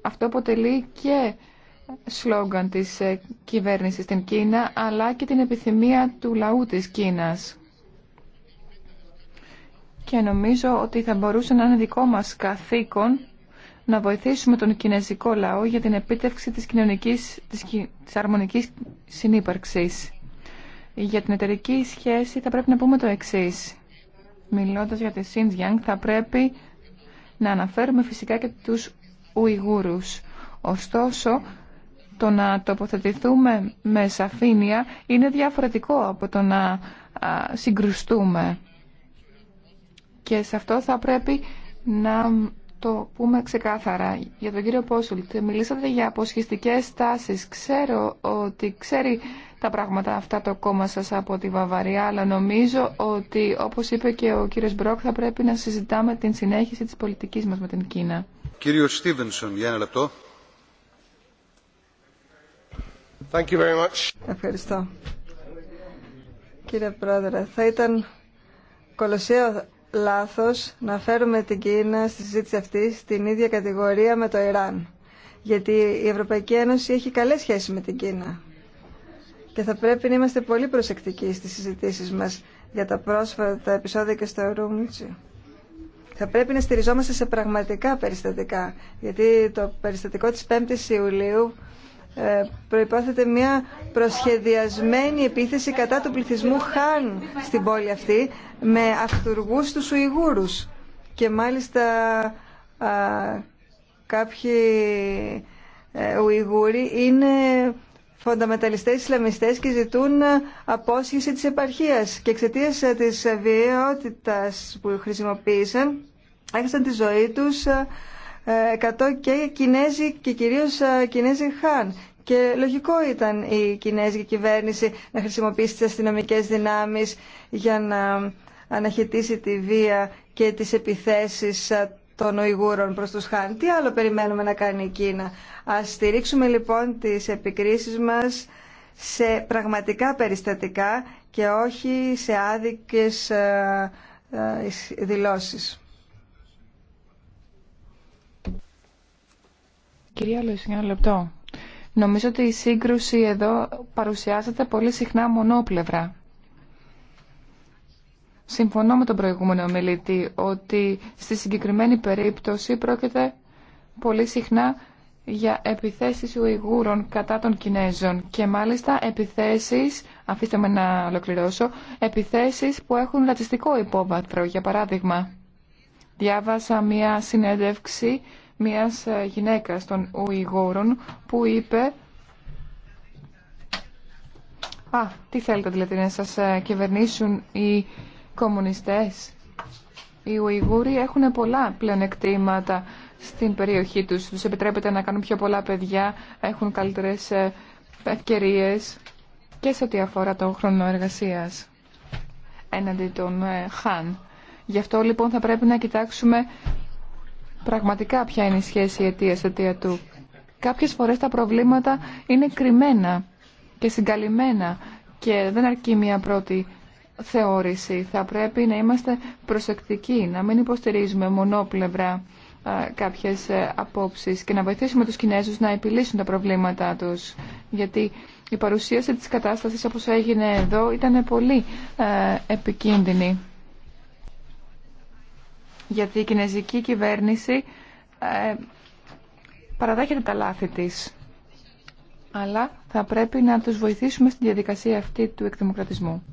Αυτό αποτελεί και σλόγγαν της ε, κυβέρνησης στην Κίνα, αλλά και την επιθυμία του λαού της Κίνας. Και νομίζω ότι θα μπορούσε να είναι δικό μας καθήκον να βοηθήσουμε τον κινέζικο λαό για την επίτευξη της, κοινωνικής, της, της αρμονικής συνύπαρξης. Για την εταιρική σχέση θα πρέπει να πούμε το εξής. Μιλώντας για τη Σιντζιάνγκ θα πρέπει να αναφέρουμε φυσικά και τους Ουιγούρους. Ωστόσο, το να τοποθετηθούμε με σαφήνεια είναι διαφορετικό από το να συγκρουστούμε. Και σε αυτό θα πρέπει να το πούμε ξεκάθαρα. Για τον κύριο Πόσουλτ, μιλήσατε για αποσχιστικές τάσεις. Ξέρω ότι ξέρει τα πράγματα αυτά το κόμμα σας από τη Βαβαρία, αλλά νομίζω ότι, όπως είπε και ο κύριος Μπρόκ, θα πρέπει να συζητάμε την συνέχιση της πολιτικής μας με την Κίνα. Κύριο Στίβενσον, για ένα λεπτό. Ευχαριστώ. Κύριε Πρόεδρε, θα ήταν κολοσσέο λάθος να φέρουμε την Κίνα στη συζήτηση αυτή στην ίδια κατηγορία με το Ιράν. Γιατί η Ευρωπαϊκή Ένωση έχει καλές σχέσεις με την Κίνα και θα πρέπει να είμαστε πολύ προσεκτικοί στις συζητήσεις μας για τα πρόσφατα επεισόδια και στο Ρούμιτσι. Θα πρέπει να στηριζόμαστε σε πραγματικά περιστατικά, γιατί το περιστατικό της 5ης Ιουλίου ε, προϋπόθεται μια προσχεδιασμένη επίθεση κατά του πληθυσμού Χάν στην πόλη αυτή με αυτουργού τους Ουιγούρους και μάλιστα α, κάποιοι ε, Ουιγούροι είναι φονταμεταλιστές Ισλαμιστές και ζητούν ε, απόσχεση της επαρχίας και εξαιτία ε, της βιαιότητας που χρησιμοποίησαν έχασαν τη ζωή τους 100 ε, και Κινέζοι και κυρίως Κινέζοι Χάν. Και λογικό ήταν η Κινέζικη κυβέρνηση να χρησιμοποιήσει τις αστυνομικές δυνάμεις για να αναχαιτήσει τη βία και τις επιθέσεις των Ουιγούρων προς τους Χάν. Τι άλλο περιμένουμε να κάνει η Κίνα. Ας στηρίξουμε λοιπόν τις επικρίσεις μας σε πραγματικά περιστατικά και όχι σε άδικες ε, ε, δηλώσεις. Κυρία Λουίση, ένα λεπτό. Νομίζω ότι η σύγκρουση εδώ παρουσιάζεται πολύ συχνά μονόπλευρα. Συμφωνώ με τον προηγούμενο μιλητή ότι στη συγκεκριμένη περίπτωση πρόκειται πολύ συχνά για επιθέσεις Ουιγούρων κατά των Κινέζων και μάλιστα επιθέσεις, αφήστε με να ολοκληρώσω, επιθέσεις που έχουν ρατσιστικό υπόβαθρο. Για παράδειγμα, διάβασα μία συνέντευξη μιας ε, γυναίκας των Ουιγούρων που είπε «Α, τι θέλετε δηλαδή να σας ε, κυβερνήσουν οι κομμουνιστές, οι Ουιγούροι έχουν πολλά πλεονεκτήματα στην περιοχή τους. Τους επιτρέπεται να κάνουν πιο πολλά παιδιά, έχουν καλύτερες ε, ευκαιρίες και σε ό,τι αφορά τον χρόνο εργασίας έναντι των ε, Χαν. Γι' αυτό λοιπόν θα πρέπει να κοιτάξουμε πραγματικά ποια είναι η σχέση αιτία-αιτία του. Κάποιες φορές τα προβλήματα είναι κρυμμένα και συγκαλυμμένα και δεν αρκεί μια πρώτη θεώρηση. Θα πρέπει να είμαστε προσεκτικοί, να μην υποστηρίζουμε μονόπλευρα κάποιες ε, απόψεις και να βοηθήσουμε τους Κινέζους να επιλύσουν τα προβλήματά τους. Γιατί η παρουσίαση της κατάστασης όπως έγινε εδώ ήταν πολύ ε, επικίνδυνη. Γιατί η κινέζικη κυβέρνηση ε, παραδέχεται τα λάθη της. Αλλά θα πρέπει να τους βοηθήσουμε στην διαδικασία αυτή του εκδημοκρατισμού.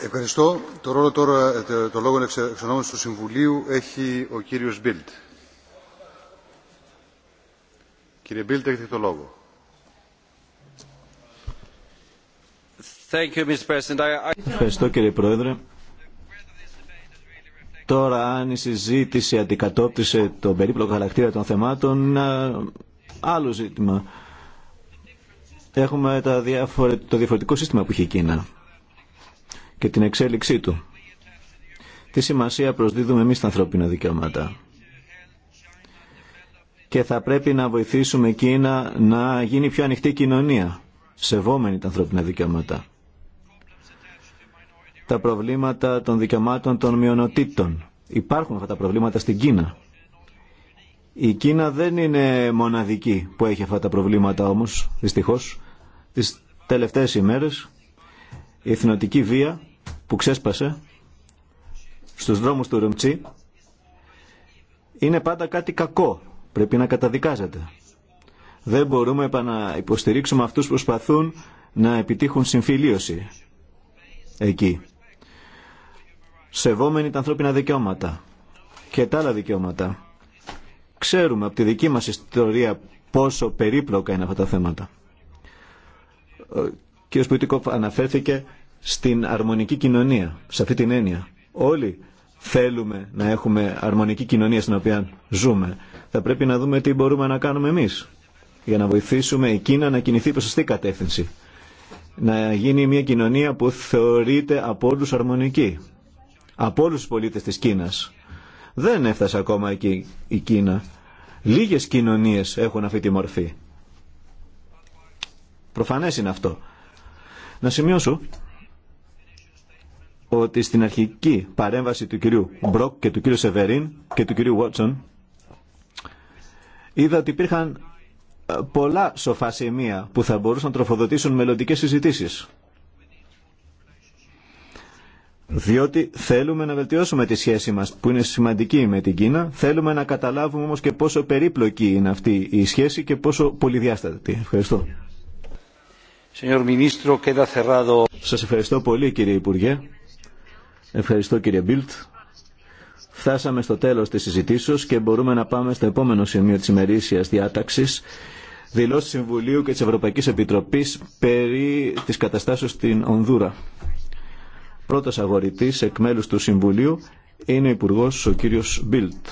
Ευχαριστώ. Το, ρόλο τώρα, το, το λόγο εξ του Συμβουλίου έχει ο κύριος Μπίλτ. Κύριε Μπίλτ, έχετε το λόγο. Ευχαριστώ κύριε Πρόεδρε. Τώρα αν η συζήτηση αντικατόπτυσε τον περίπλοκο χαρακτήρα των θεμάτων, ε, άλλο ζήτημα. Έχουμε τα το διαφορετικό σύστημα που έχει η Κίνα και την εξέλιξή του. Τι σημασία προσδίδουμε εμείς στα ανθρώπινα δικαιώματα. Και θα πρέπει να βοηθήσουμε Κίνα να γίνει πιο ανοιχτή κοινωνία, σεβόμενη τα ανθρώπινα δικαιώματα. Τα προβλήματα των δικαιωμάτων των μειονοτήτων. Υπάρχουν αυτά τα προβλήματα στην Κίνα. Η Κίνα δεν είναι μοναδική που έχει αυτά τα προβλήματα όμως, δυστυχώς. Τις τελευταίες ημέρες η εθνοτική βία που ξέσπασε στους δρόμους του Ρομτσί είναι πάντα κάτι κακό. Πρέπει να καταδικάζεται. Δεν μπορούμε να υποστηρίξουμε αυτούς που προσπαθούν να επιτύχουν συμφιλίωση εκεί. Σεβόμενοι τα ανθρώπινα δικαιώματα και τα άλλα δικαιώματα. Ξέρουμε από τη δική μας ιστορία πόσο περίπλοκα είναι αυτά τα θέματα κ. Σπιτικόφ αναφέρθηκε στην αρμονική κοινωνία, σε αυτή την έννοια. Όλοι θέλουμε να έχουμε αρμονική κοινωνία στην οποία ζούμε. Θα πρέπει να δούμε τι μπορούμε να κάνουμε εμείς για να βοηθήσουμε η Κίνα να κινηθεί προς σωστή κατεύθυνση. Να γίνει μια κοινωνία που θεωρείται από όλου αρμονική. Από όλου του πολίτε της Κίνας. Δεν έφτασε ακόμα εκεί η Κίνα. Λίγες κοινωνίες έχουν αυτή τη μορφή. Προφανές είναι αυτό. Να σημειώσω ότι στην αρχική παρέμβαση του κυρίου Μπροκ και του κυρίου Σεβερίν και του κυρίου Βότσον είδα ότι υπήρχαν ε, πολλά σοφά σημεία που θα μπορούσαν να τροφοδοτήσουν μελλοντικέ συζητήσει. Διότι θέλουμε να βελτιώσουμε τη σχέση μας που είναι σημαντική με την Κίνα, θέλουμε να καταλάβουμε όμως και πόσο περίπλοκη είναι αυτή η σχέση και πόσο πολυδιάστατη. Ευχαριστώ. Σας ευχαριστώ πολύ κύριε Υπουργέ. Ευχαριστώ κύριε Μπίλτ. Φτάσαμε στο τέλος της συζητήσεως και μπορούμε να πάμε στο επόμενο σημείο της ημερήσιας διάταξης δηλώσεις Συμβουλίου και της Ευρωπαϊκής Επιτροπής περί της καταστάσεως στην Ονδούρα. Πρώτος αγορητής εκ μέλους του Συμβουλίου είναι ο Υπουργός ο κύριος Μπίλτ.